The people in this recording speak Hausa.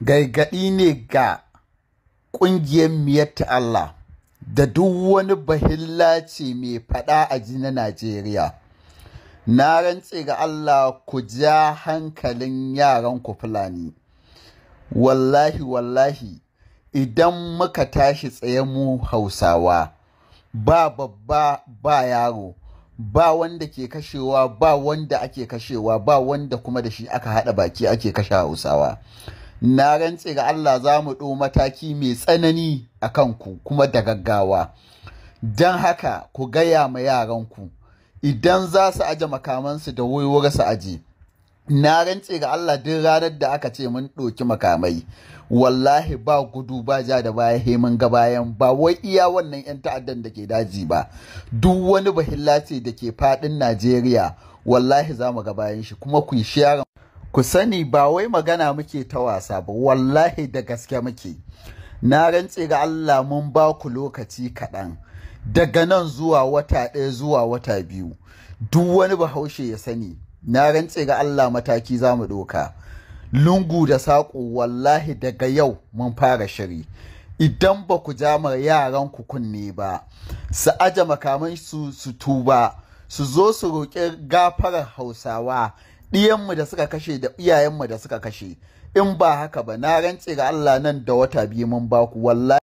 gargaɗi ne ga ƙungiyar Miyar ta Allah da duk wani bahillaci mai faɗa a ji na Najeriya. Na rantse ga Allah ku ja hankalin yaran ku Fulani. Wallahi, wallahi, idan muka tashi tsaye mu Hausawa, ba babba ba yaro, ba wanda ke kashewa, ba wanda ake kashewa, ba wanda kuma da shi aka haɗa baki ake kashe Hausawa. na rantse ga Allah za mu ɗo mataki mai tsanani a kanku kuma da gaggawa don haka ku gaya ma yaranku idan za su aje makamansu da wuri su aje na rantse ga Allah duk ranar da aka ce mun ɗoki makamai wallahi ba gudu ba ja da baya heman ga bayan ba wai iya wannan 'yan ta'addan da ke daji ba duk wani bahilla ce da ke faɗin Najeriya wallahi za mu ga bayan shi kuma ku yi shi ku sani ba wai magana muke ta wasa ba wallahi da gaske muke na rantse ga Allah mun ba ku lokaci kaɗan daga nan zuwa wata ɗaya zuwa wata biyu duk wani bahaushe ya sani na rantse ga Allah mataki za mu ɗoka lungu da saƙo wallahi daga yau mun fara shiri idan ba ku ja ma yaran ku kunne ba su aje makaman su su tuba su zo su roƙi gafarar hausawa ɗiyanmu da suka kashe da iyayenmu da suka kashe in ba haka ba na rantse ga Allah nan da wata biyu mun baku wallahi